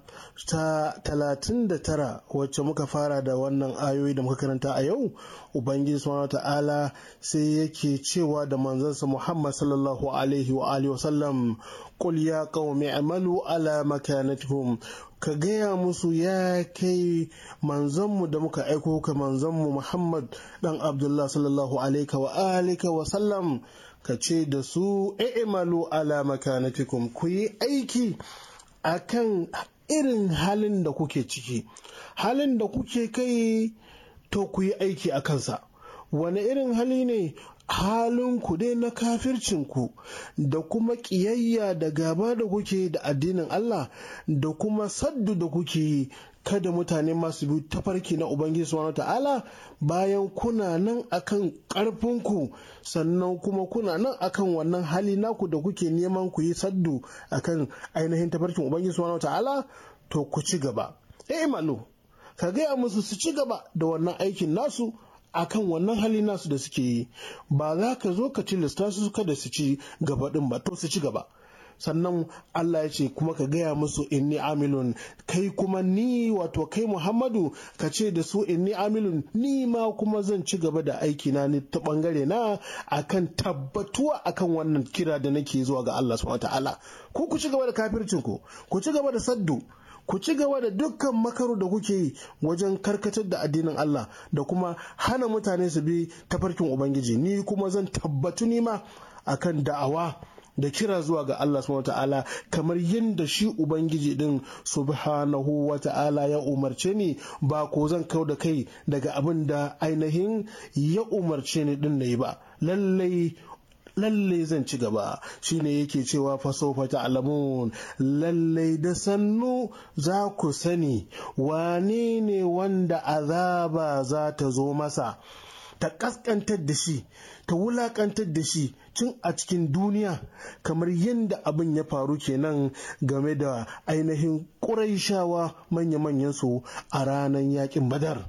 ta talatin da tara wacce muka fara da wannan ayoyi da muka karanta a yau ubangiji subhanahu ta'ala sai yake cewa da manzansa muhammad sallallahu alaihi wa alihi wasallam qul ya qaumi amalu ala makanatikum ka gaya musu ya kai manzanmu da muka aiko ka manzanmu muhammad dan Abdullahi sallallahu alaihi wa alihi wa sallam ka ce da su i'malu ala makanatikum ku yi aiki akan irin halin da kuke ciki halin da kuke kai to ku yi aiki a kansa wani irin hali ne halinku dai na kafircinku da kuma ƙiyayya da gaba da kuke da addinin Allah da kuma saddu da kuke yi kada mutane masu bi tafarki na ubangiji subhanahu ta'ala bayan kuna nan akan ƙarfinku sannan kuma kuna nan akan wannan hali naku da kuke neman ku yi saddu akan ainihin tafarkin ubangiji subhanahu ta'ala to ku ci gaba eh malu ka gaya musu su ci gaba da wannan aikin nasu akan wannan hali nasu da suke yi ba za ka zo ka tilasta su kada su ci gaba din ba to su ci gaba sannan Allah ya ce kuma ka gaya musu inni amilun kai kuma ni wato kai Muhammadu ka ce da su inni amilun ni ma kuma zan ci gaba da aiki na ni ta bangare na akan tabbatuwa akan wannan kira da nake zuwa ga Allah subhanahu wataala ku ku ci gaba da kafircin ku ku ci gaba da saddu ku ci gaba da dukkan makaru da kuke yi wajen karkatar da addinin Allah da kuma hana mutane su bi tafarkin Ubangiji ni kuma zan tabbatu ni ma akan da'awa da kira zuwa ga Allah subhanahu wata'ala kamar yadda shi ubangiji din subhanahu wata'ala ya umarce ni ba ko zan kau da kai daga abin da ainihin ya umarce ni din yi ba lallai lalle zan ci gaba Shi ne yake cewa fata alamun lalle da sannu za ku sani wane ne wanda azaba za ta zo masa ta ƙasƙantar da shi ta wulaƙantar da shi tun a cikin duniya kamar yadda abin ya faru kenan game da ainihin ƙuraishawa manya-manyan su a ranar yakin badar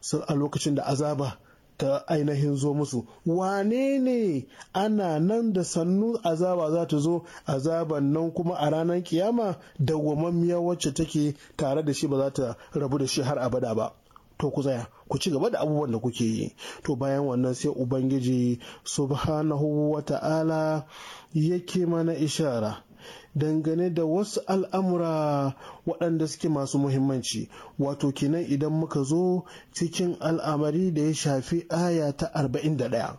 sun a lokacin da azaba ta ainihin zo musu wane ne ana nan da sannu azaba za ta zo azaban nan kuma a ranar kiyama dawwamammiya wacce take tare da shi ba za ta rabu da shi har abada ba to ku tsaya ku ci gaba da abubuwan da kuke yi to bayan wannan sai ubangiji subhanahu wa ta'ala yake mana ishara dangane da wasu al'amura waɗanda suke masu muhimmanci wato kenan idan muka zo cikin al'amari da ya shafi aya ta 41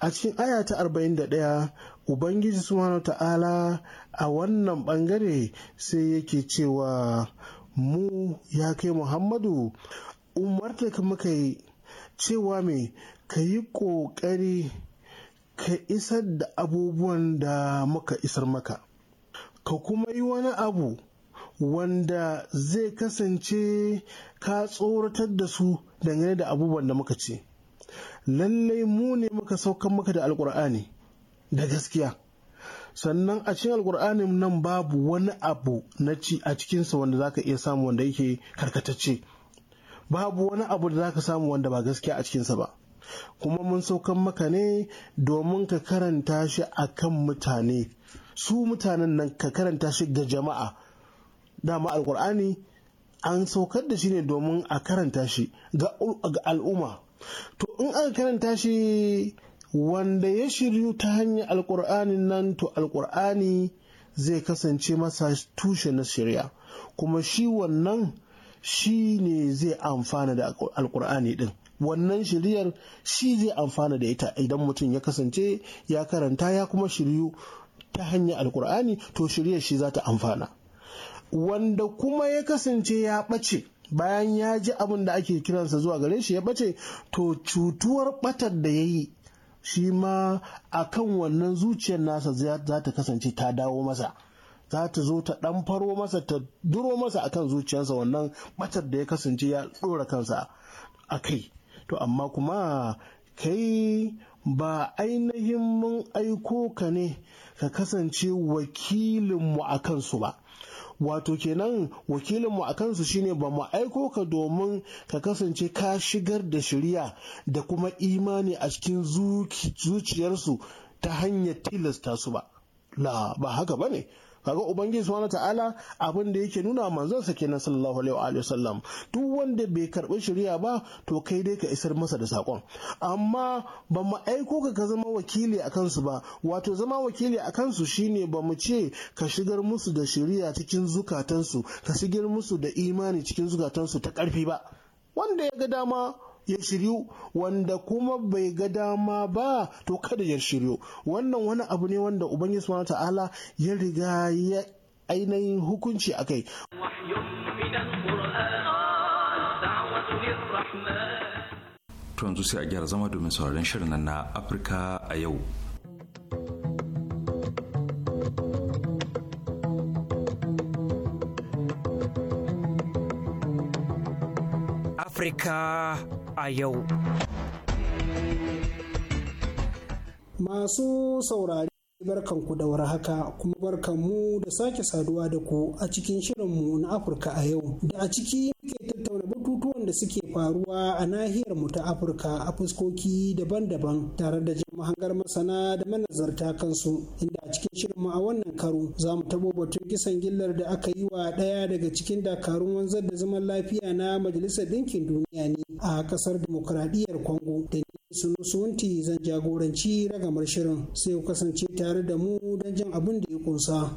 a cikin aya ta 41 ubangiji subhanahu ta'ala a wannan ɓangare sai yake cewa mu ya kai muhammadu umarta ka muka yi cewa mai ka yi ƙoƙari ka isar da abubuwan da muka isar maka ka kuma yi wani abu wanda zai kasance ka tsoratar da su dangane da abubuwan da muka ce lallai mu ne muka saukan maka da alkur'ani da gaskiya sannan a cikin alkur'anin nan babu wani abu na ci a cikinsa wanda za ka iya samu wanda yake karkatacce babu wani abu da zaka samu wanda ba gaskiya a cikinsa ba kuma mun saukan maka ne domin ka karanta shi a kan mutane su mutanen nan ka karanta shi ga jama'a dama alkur'ani an saukar da shi ne domin a karanta shi ga al'umma to in aka karanta shi wanda ya shiryu ta hanyar alkur'anin nan to alkur'ani zai kasance masa tushe na shirya kuma shi wannan shi ne zai amfana da alkur'ani din wannan shiriyar shi zai amfana da ita idan mutum ya kasance ya karanta ya kuma shiryu ta hanyar alkur'ani to shiryar shi za ta amfana wanda kuma ya kasance ya ɓace bayan ya ji abin da ake kiransa zuwa gare shi ya ɓace to cutuwar ɓatar da ya yi shi ma a kan wannan zuciyar nasa za ta kasance ta dawo masa za ta zo ta ɗan faro masa ta duro masa akan zuciyarsa wannan batar da ya kasance ya ɗora kansa a kai to amma kuma kai ba ainihin mun aiko ka ne ka kasance wakilinmu a kansu ba wato kenan wakilinmu a kansu shine ba mu aiko ka domin ka kasance ka shigar da shirya da kuma imani a cikin zuciyarsu ta hanyar tilasta su ba la ba haka ba ne kaga ubangiji subhanahu ta'ala abin da yake nuna manzon sa kenan sallallahu alaihi wa sallam duk wanda bai karbi shari'a ba to kai dai ka isar masa da sakon amma ba mu aiko ka ka zama wakili a kansu ba wato zama wakili a kansu shine ba mu ce ka shigar musu da shari'a cikin zukatansu ka shigar musu da imani cikin zukatansu ta karfi ba wanda ya ga dama ya shiryu wanda kuma bai ga dama ba to kada ya shiryu wannan wani abu ne wanda ubangiji subhanahu ta'ala ya riga ya ainihin hukunci akai to yanzu sai a gyara zama domin sauraron shirin na afirka a yau Afirka a yau. Masu saurari barkanku da warhaka kuma barkanmu da sake saduwa da ku a cikin shirinmu na Afirka a yau da a ciki abubuwan da suke faruwa a nahiyar mu ta afirka a fuskoki daban-daban tare da jin hangar masana da manazarta kansu inda a cikin shirin mu a wannan karo za mu tabo batun kisan gillar da aka yi wa ɗaya daga cikin dakarun wanzar da zaman lafiya na majalisar ɗinkin duniya ne a ƙasar dimokuraɗiyyar congo da sunu suwanti zan jagoranci ragamar shirin sai ku kasance tare da mu don jin abin da ya ƙunsa.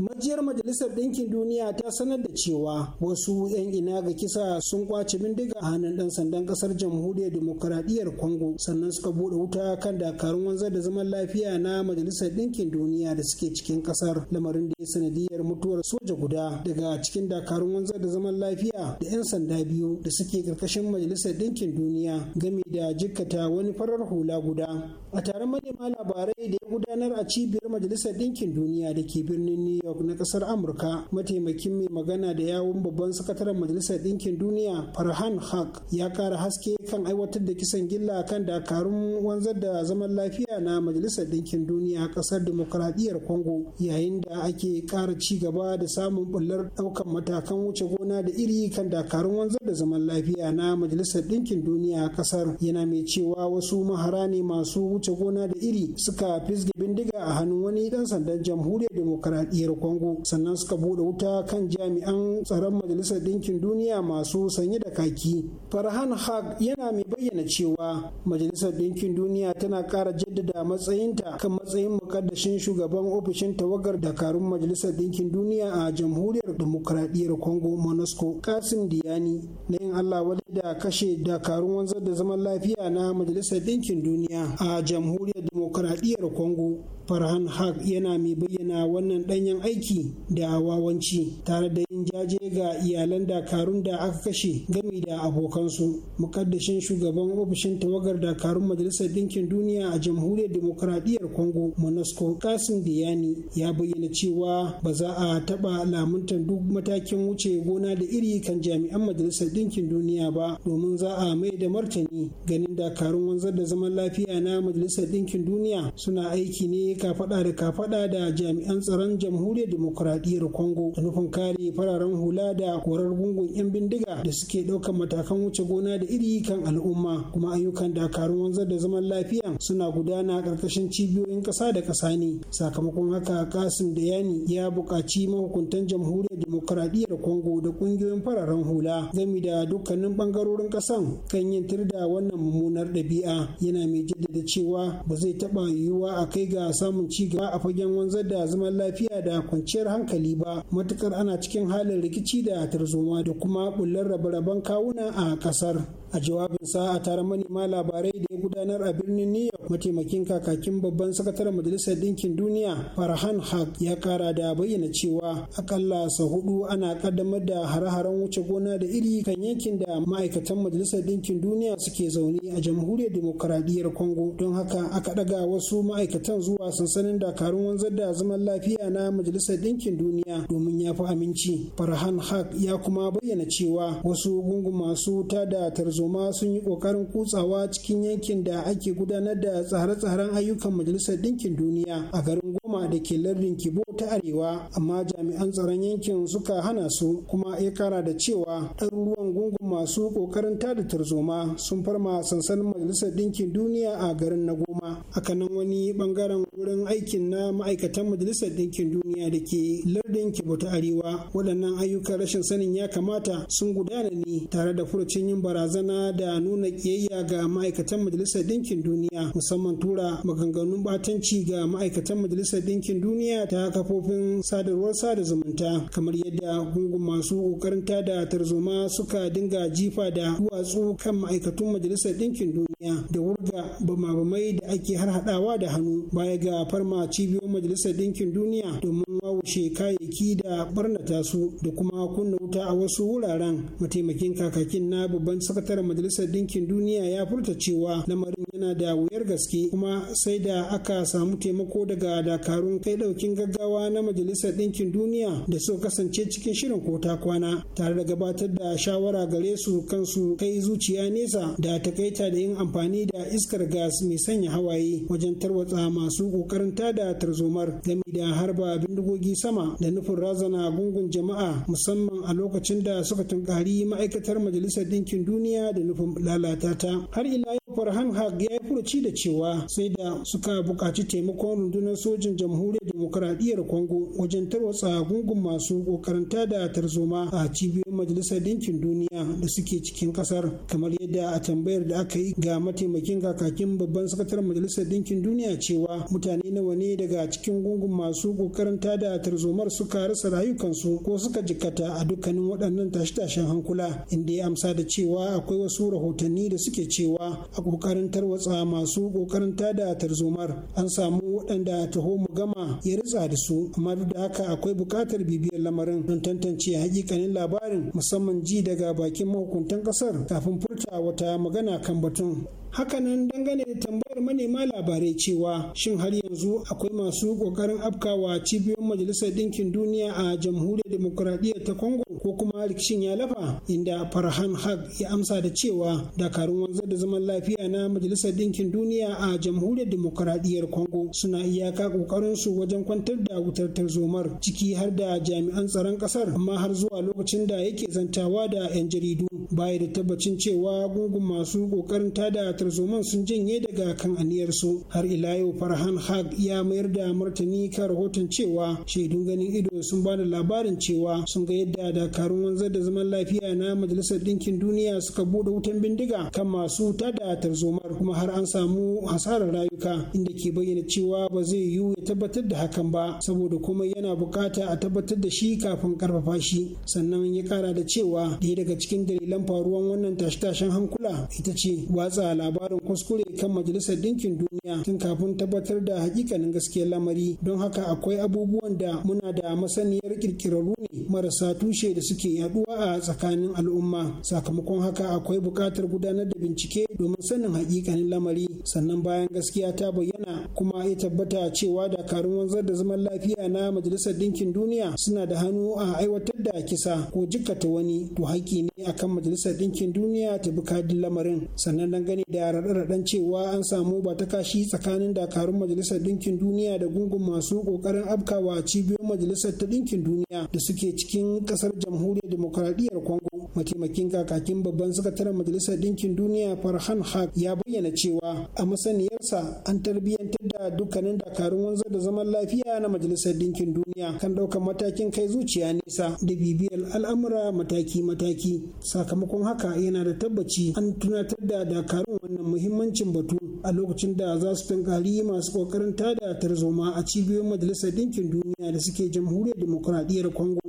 majiyar majalisar ɗinkin duniya ta sanar da cewa wasu 'yan ina ga kisa sun kwace bindiga a hannun ɗan sandan ƙasar jamhuriyar demokuraɗiyyar congo sannan suka buɗe wuta kan dakarun wanzar da zaman lafiya na majalisar ɗinkin duniya da suke cikin ƙasar lamarin da ya sanadiyar mutuwar soja guda daga cikin dakarun wanzar da zaman lafiya da 'yan sanda biyu da suke ƙarƙashin majalisar ɗinkin duniya game da jikkata wani farar hula guda a taron manema labarai da ya gudanar a cibiyar majalisar ɗinkin duniya da ke birnin new york na ƙasar amurka mataimakin mai magana da yawun babban sakataren majalisar ɗinkin duniya farhan haq ya kara haske kan aiwatar da kisan gilla kan dakarun wanzar da zaman lafiya na majalisar ɗinkin duniya a ƙasar demokradiyar congo yayin da ake kara ci gaba da samun bullar ɗaukan matakan wuce gona da iri kan dakarun wanzar da zaman lafiya na majalisar ɗinkin duniya a ƙasar yana mai cewa wasu mahara ne masu wuce gona da iri suka fisge bindiga a hannun wani dan sandan jamhuriyar demokaradiyyar Congo sannan suka bude wuta kan jami'an tsaron majalisar ɗinkin duniya masu sanye da kaki. Farhan Haq yana mai bayyana cewa majalisar ɗinkin duniya tana ƙara jaddada matsayinta kan matsayin mukaddashin shugaban ofishin tawagar dakarun majalisar ɗinkin duniya a jamhuriyar demokaradiyyar Congo Monusco Kasim Diyani na yin Allah wadai da kashe dakarun wanzar da zaman lafiya na majalisar ɗinkin duniya a jamhuriyar dimokuraɗiyyar congo farhan haq yana mai bayyana wannan danyen aiki da wawanci tare da yin jaje ga iyalan dakarun da aka kashe gami da abokansu mukaddashin shugaban ofishin tawagar dakarun majalisar ɗinkin duniya a jamhuriyar demokradiyyar congo monusco kasim diyani ya bayyana cewa ba za a taɓa lamuntar duk matakin wuce gona da iri kan jami'an majalisar ɗinkin duniya ba domin za a mai da martani ganin dakarun wanzar da zaman lafiya na majalisar ɗinkin duniya suna aiki ne kafada da kafada da jami'an tsaron jamhuriyar demokuraɗiyyar congo da nufin kare fararen hula da korar gungun 'yan bindiga da suke ɗaukar matakan wuce gona da iri kan al'umma kuma ayyukan dakarun wanzar da zaman lafiya suna gudana a ƙarƙashin cibiyoyin ƙasa da ƙasa ne sakamakon haka kasim da yani ya buƙaci mahukuntan jamhuriyar demokuraɗiyyar congo da ƙungiyoyin fararen hula gami da dukkanin ɓangarorin ƙasan kan yin tirda wannan mummunar ɗabi'a yana mai jaddada cewa ba zai taɓa yiwuwa a kai ga samun ci gaba a fagen wanzar da zaman lafiya da kwanciyar hankali ba matukar ana cikin halin rikici da tarzoma da kuma bullar rabe-raben kawuna a kasar a jawabinsa a tare manema labarai da ya gudanar a birnin new york mataimakin kakakin babban sakataren majalisar ɗinkin duniya farhan haq ya kara da bayyana cewa akalla sau hudu ana kaddamar da hare-haren wuce gona da iri kan yankin da ma'aikatan majalisar ɗinkin duniya suke zaune a jamhuriyar demokaradiyyar congo don haka aka ɗaga wasu ma'aikatan zuwa a sansanin dakarun wanzar da zaman lafiya na majalisar ɗinkin duniya domin ya fi aminci farhan haq ya kuma bayyana cewa wasu gungun masu ta da tarzoma sun yi ƙoƙarin kutsawa cikin yankin da ake gudanar da tsare-tsaren ayyukan majalisar ɗinkin duniya a garin goma da ke lardin kibo ta arewa amma jami'an tsaron yankin suka hana su kuma ya kara da cewa ɗaruruwan gungun masu ƙoƙarin tada tarzoma sun farma sansanin majalisar ɗinkin duniya a garin na goma hakanan wani bangaren wurin aikin na ma'aikatan majalisar ɗinkin duniya da ke lardin kibo ta arewa waɗannan ayyukan rashin sanin ya kamata sun gudana ne tare da furucin yin barazana da nuna ƙiyayya ga ma'aikatan majalisar ɗinkin duniya musamman tura maganganun batanci ga ma'aikatan majalisar ɗinkin duniya ta kafofin sadarwar sada zumunta kamar yadda gungun masu ƙoƙarin tada tarzoma suka dinga jifa da duwatsu kan ma'aikatun majalisar ɗinkin duniya da wurga bama-bamai da ake harhaɗawa da hannu baya ga ga farma cibiyoyin majalisar ɗinkin duniya domin wawashe kayayyaki da barnata su da kuma kunna wuta a wasu wuraren mataimakin kakakin na babban sakataren majalisar ɗinkin duniya ya furta cewa lamarin na da wuyar gaske kuma sai da aka samu taimako daga dakarun kai daukin gaggawa na majalisar ɗinkin duniya da suka kasance cikin shirin ko ta kwana tare da gabatar da shawara gare su kansu kai zuciya nesa da takaita da yin amfani da iskar gas mai sanya hawaye wajen tarwatsa masu kokarin tada tarzomar game da harba bindigogi sama da nufin razana gungun jama'a musamman a lokacin da suka tunkari ma'aikatar majalisar ɗinkin duniya da nufin lalata ta har ila farhan haq ya yi furuci da cewa sai da suka buƙaci taimakon rundunar sojin jamhuriyar demokuraɗiyyar congo wajen tarwatsa gungun masu kokaranta da tarzoma a cibiyoyin majalisar ɗinkin duniya da suke cikin ƙasar kamar yadda a tambayar da aka yi ga mataimakin kakakin babban sakataren majalisar ɗinkin duniya cewa mutane nawa ne daga cikin gungun masu ƙoƙarin tada tarzomar suka rasa rayukansu ko suka jikkata a dukkanin waɗannan tashe-tashen hankula inda ya amsa da cewa akwai wasu rahotanni da suke cewa kokarin tarwatsa masu kokarin da tarzomar an samu waɗanda taho mu gama ya ritsa da su amma duk da haka akwai buƙatar bibiyar lamarin don tantance hakikanin labarin musamman ji daga bakin mahukuntan ƙasar kafin furta wata magana kan batun hakanan dangane da tambayar manema labarai cewa shin har yanzu akwai masu kokarin afkawa cibiyoyin majalisar ɗinkin duniya a jamhuriyar demokuraɗiyya ta congo ko kuma rikicin ya lafa inda farhan haq ya amsa da cewa dakarun wanzar da zaman lafiya na majalisar ɗinkin duniya a jamhuriyar demokuraɗiyyar congo suna iyaka kokarin su wajen kwantar da wutar tarzomar ciki har da jami'an tsaron ƙasar amma har zuwa lokacin da yake zantawa da 'yan jaridu baya da tabbacin cewa gungun masu kokarin tada tarzoman sun janye daga kan aniyarsu har ila yau farhan haq ya mayar da martani kan rahoton cewa shaidu ganin ido sun ba da labarin cewa sun ga yadda dakarun wanzar da zaman lafiya na majalisar ɗinkin duniya suka buɗe wutan bindiga kan masu tada tarzomar kuma har an samu hasarar rayuka inda ke bayyana cewa ba zai yiwu ya tabbatar da hakan ba saboda kuma yana bukata a tabbatar da shi kafin karfafa shi sannan ya kara da cewa ɗaya daga cikin dalilan faruwan wannan tashe-tashen hankula ita ce watsa labarin labarin kuskure kan majalisar ɗinkin duniya tun kafin tabbatar da hakikanin gaskiyar lamari don haka akwai abubuwan da muna da masaniyar kirkirarru ne marasa tushe da suke yaduwa a tsakanin al'umma sakamakon haka akwai buƙatar gudanar da bincike domin sanin hakikanin lamari sannan bayan gaskiya ta bayyana kuma ya tabbata cewa dakarun wanzar da zaman lafiya na majalisar ɗinkin duniya suna da hannu a aiwatar da kisa ko jikkata wani to haƙƙi ne akan majalisar ɗinkin duniya ta bi kadin lamarin sannan dangane da da raɗe-raɗen cewa an samu ba kashi tsakanin dakarun majalisar ɗinkin duniya da gungun masu ƙoƙarin afkawa cibiyar majalisar ta ɗinkin duniya da suke cikin ƙasar jamhuriyar demokuraɗiyyar congo mataimakin kakakin babban sakataren majalisar ɗinkin duniya farhan haq ya bayyana cewa a masaniyarsa an tarbiyyantar da dukkanin dakarun wanzar da zaman lafiya na majalisar ɗinkin duniya kan ɗaukar matakin kai zuciya nesa da bibiyar al'amura mataki-mataki sakamakon haka yana da tabbaci an tunatar da dakarun wannan muhimmancin batu a lokacin da za su tankari masu kokarin tada tarzoma a cibiyoyin majalisar ɗinkin duniya da suke jamhuriyar demokuraɗiyyar kongo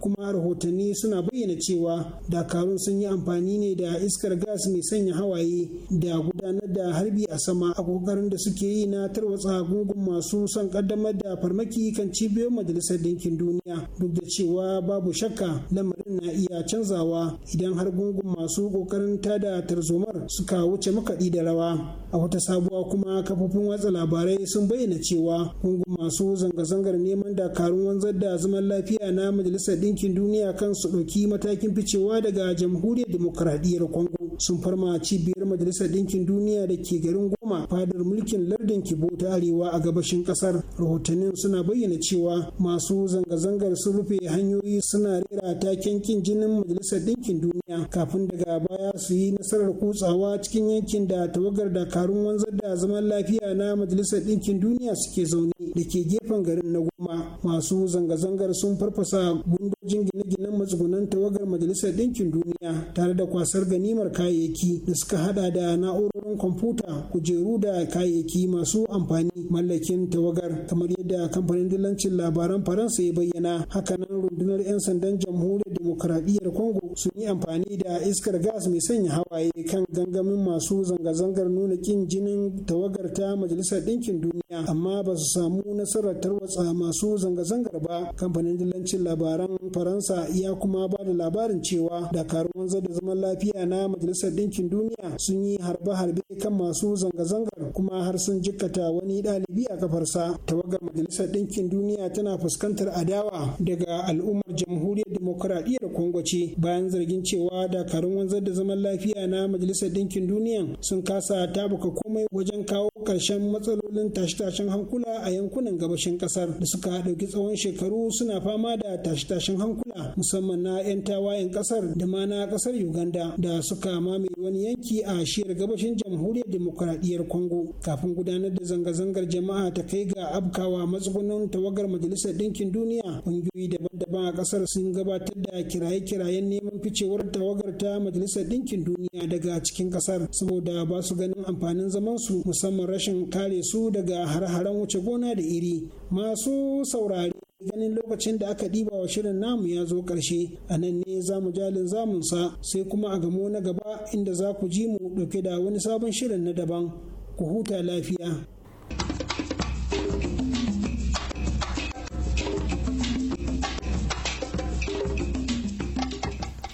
kuma rahotanni suna bayyana cewa dakarun sun yi amfani ne da iskar gas mai sanya hawaye da gudanar da harbi a sama a kokarin da suke yi na tarwatsa gungun masu son kaddamar da farmaki kan cibiyoyin majalisar ɗinkin duniya duk da cewa babu shakka lamarin na iya canzawa idan har gungun masu kokarin tada tarzomar suka wuce makaɗi da rawa a wata sabuwa kuma kafofin watsa labarai sun bayyana cewa gungun masu zanga-zangar neman dakarun wanzar da zaman lafiya na majalisar ɗinkin duniya kan su ɗauki matakin ficewa daga jamhuriyar dimokuraɗiyyar congo sun farma cibiyar majalisar ɗinkin duniya da ke garin goma fadar mulkin lardin kibo ta arewa a gabashin ƙasar rahotannin suna bayyana cewa masu zanga-zangar sun rufe hanyoyi suna rera taken kin jinin majalisar ɗinkin duniya kafin daga baya su yi nasarar kutsawa cikin yankin da tawagar dakarun wanzar da zaman lafiya na majalisar ɗinkin duniya suke zaune da ke gefen garin na goma masu zanga-zangar sun farfasa gundu sojojin gine-ginen matsugunan tawagar majalisar ɗinkin duniya tare da kwasar ganimar kayayyaki da suka hada da na'urar na'urorin kwamfuta kujeru da kayayyaki masu amfani mallakin tawagar kamar yadda kamfanin dillancin labaran faransa ya bayyana hakanan rundunar 'yan sandan jamhuriyar demokradiyyar congo sun yi amfani da iskar gas mai sanya hawaye kan gangamin masu zanga-zangar nuna kin jinin tawagar ta majalisar ɗinkin duniya amma ba su samu nasarar tarwatsa masu zanga-zangar ba kamfanin dillancin labaran faransa ya kuma ba da labarin cewa dakarun wanzar da zaman lafiya na majalisar ɗinkin duniya sun yi harbe-harbe harbe kan masu zanga-zangar kuma har sun jikkata wani ɗalibi a kafarsa tawagar majalisar ɗinkin duniya tana fuskantar adawa daga al'ummar jamhuriyar demokuraɗiyyar kongo ce bayan zargin cewa dakarun wanzar da zaman lafiya na majalisar ɗinkin duniya sun kasa tabuka komai wajen kawo ƙarshen matsalolin tashe-tashen hankula a yankunan gabashin ƙasar da suka ɗauki tsawon shekaru suna fama da tashe-tashen hankula musamman na 'yan tawayen ƙasar da ma na ƙasar uganda da suka mamaye wani yanki a shiyar gabashin jamhuriyar jamhuriyar demokuraɗiyyar congo kafin gudanar da zanga-zangar jama'a ta kai ga abkawa matsugunan tawagar majalisar ɗinkin duniya ƙungiyoyi daban-daban a ƙasar sun gabatar da kiraye-kirayen neman ficewar tawagar ta majalisar ɗinkin duniya daga cikin ƙasar saboda ba su ganin amfanin zaman su musamman rashin kare su daga har-haren wuce gona da iri masu saurare ganin lokacin da aka ɗiba wa shirin namu ya zo ƙarshe a nan ne za mu jalin zamunsa sai kuma a gamo na gaba inda za ku ji mu ɗauke da wani sabon shirin na daban ku huta lafiya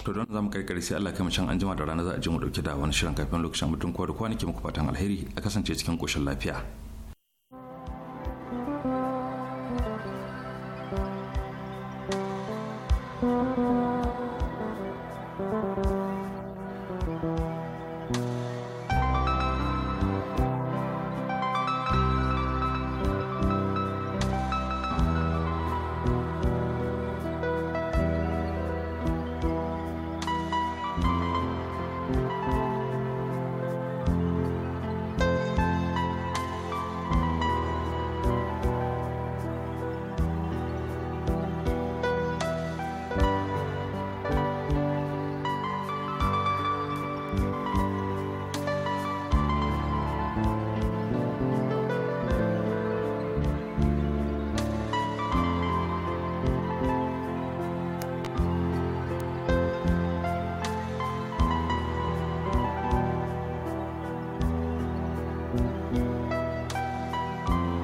to don za mu kai sai Allah kai can jima da rana za a je mu dauke da wani shirin kafin lokacin mutum kwa da kwanaki muku fatan alheri a kasance cikin koshin lafiya you